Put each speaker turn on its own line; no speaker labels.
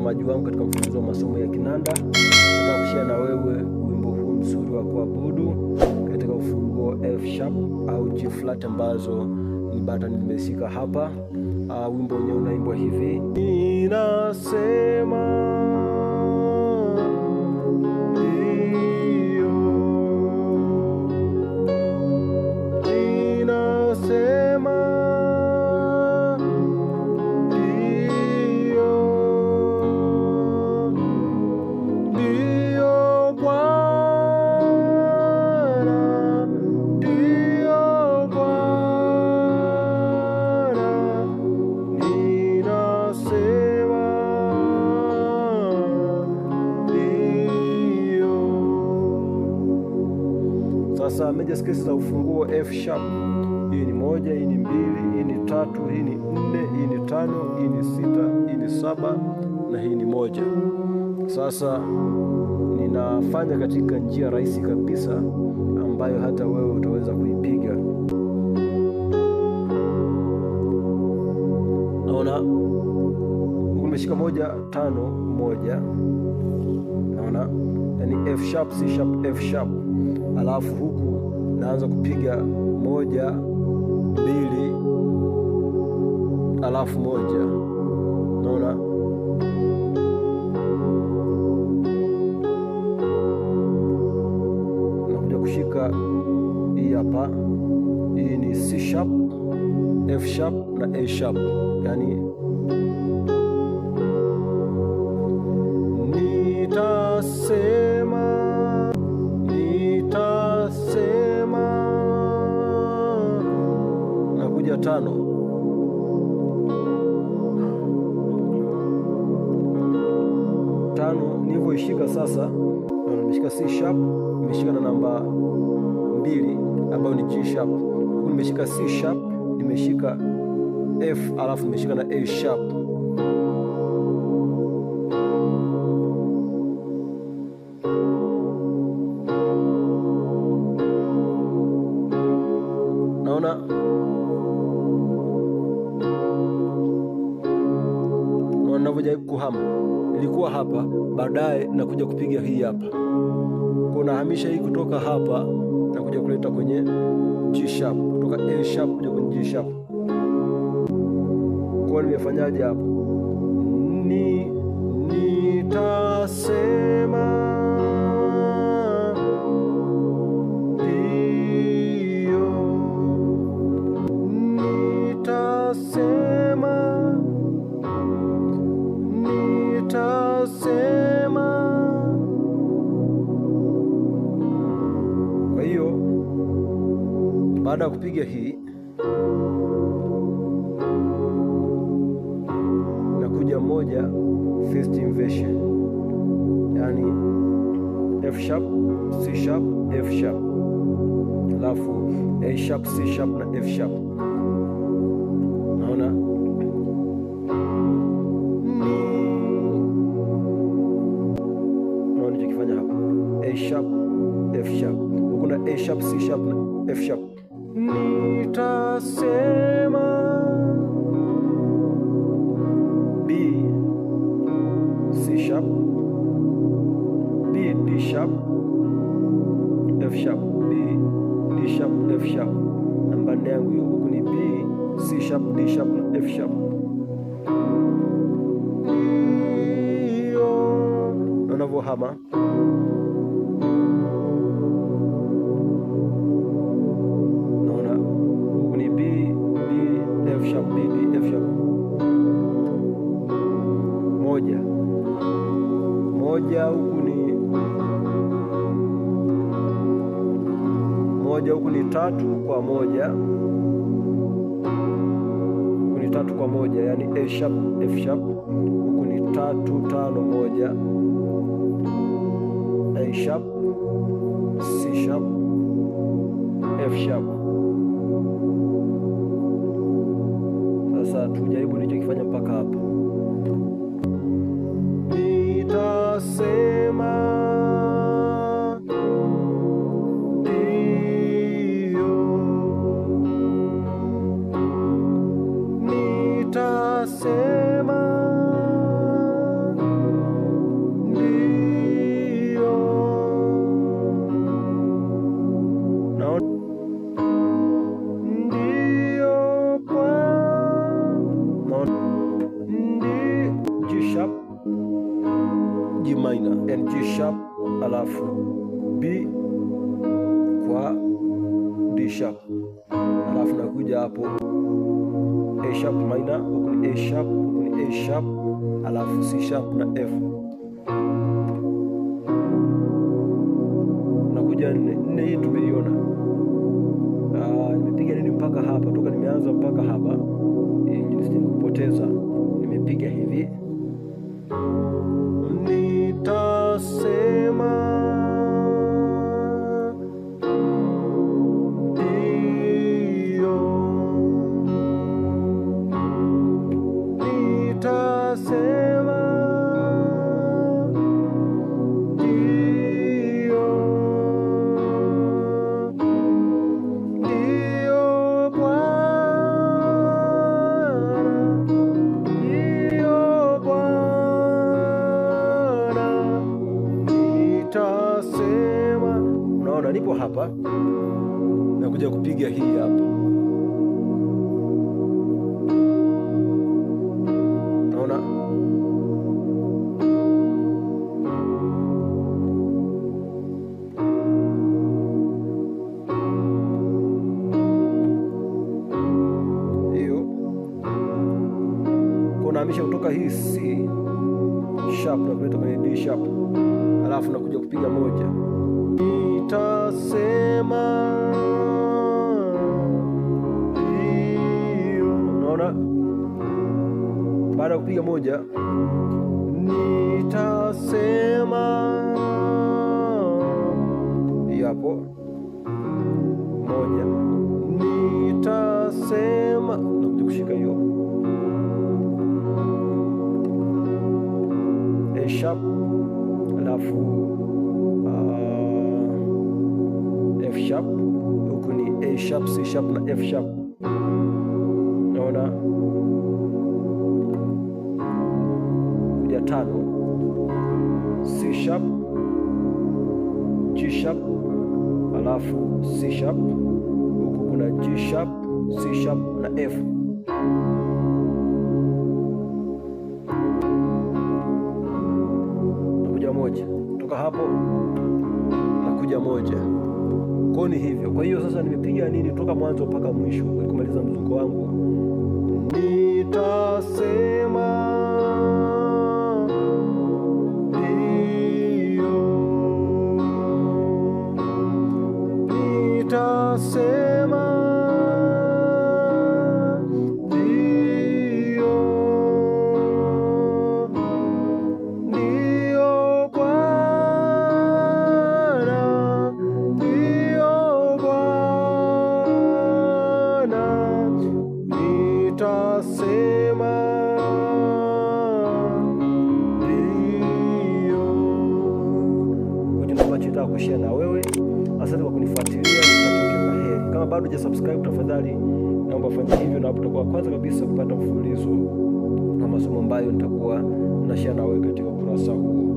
utazamaji wangu katika mfululizo wa masomo ya kinanda. Nataka kushare na wewe wimbo huu mzuri wa kuabudu katika ufunguo F sharp au G flat ambazo ni button zimeshika hapa. Uh, wimbo wenyewe unaimbwa hivi, ninasema Sasa major scales za ufunguo F sharp, hii ni moja, hii ni mbili, hii ni tatu, hii ni nne, hii ni tano, hii ni sita, hii ni saba na hii ni moja. Sasa ninafanya katika njia rahisi kabisa ambayo hata wewe utaweza kuipiga. Naona umeshika moja tano moja, naona yani F sharp, C sharp, F sharp alafu huku naanza kupiga moja mbili, alafu moja, naona nakuja kushika hii hapa. Hii ni C sharp, F sharp na A sharp, yani nitase moja tano tano nilivyoishika sasa, nimeshika C sharp, nimeshika na namba mbili ambayo ni G sharp, huku nimeshika C sharp, nimeshika F alafu nimeshika na A sharp ninavyojaribu kuhama, nilikuwa hapa, baadaye nakuja kupiga hii hapa, kwa nahamisha hii kutoka hapa na kuja kuleta kwenye G sharp, kutoka A sharp kuja kwenye G sharp. Kwa nimefanyaje hapo? Baada ya kupiga hii na kuja moja first inversion, yaani F sharp, C sharp, F sharp, alafu A sharp, C sharp na F sharp. Naona naona chokifanya hapo A sharp, F sharp, kuna A sharp, C sharp na F sharp nitasema B C sharp B D sharp F sharp B D sharp F sharp, namba nne yangu hiyo huku ni B C sharp D sharp na F sharp. Ndio unavyohama kuni tatu kwa moja, kuni tatu kwa moja, yani A sharp F sharp, kuni tatu tano moja, A sharp C sharp F sharp. Sasa tujaribu nilichokifanya mpaka hapa. Iracema. Ndio no. Ndio kwa no. Ndi G sharp G minor and G sharp alafu B kwa D sharp alafu nakuja hapo A sharp minor, huku ni A sharp, huku ni A sharp, alafu C sharp na F. nakuja nne nne, hii tumeiona. Ah, nimepiga nini mpaka hapa, toka nimeanza mpaka hapa, kupoteza nimepiga hivi unaona nipo hapa na kuja kupiga hii hapa, naona hiyo kunahamisha kutoka hii C sharp na kuleta kwenye D sharp, alafu nakuja kupiga moja utasema hiyo. Unaona, baada ya kupiga moja nitasema hapo moja, nitasema nakuja kushika hiyo A sharp alafu uh, sharp, huku ni A sharp, C sharp na F sharp. Naona ya tano, C sharp, G sharp, alafu C sharp, huku kuna G sharp, C sharp na F. Nakuja moja, hapo nakuja moja kwa ni hivyo. Kwa hiyo sasa nimepiga nini toka mwanzo mpaka mwisho kumaliza mzuko wangu nitasema nitaka kushare na wewe. Asante kwa kunifuatilia, Kama bado subscribe, tafadhali naomba fanya hivyo, na hapo utakuwa kwanza kabisa kupata mfululizo na masomo ambayo nitakuwa share na wewe katika ukurasa huu.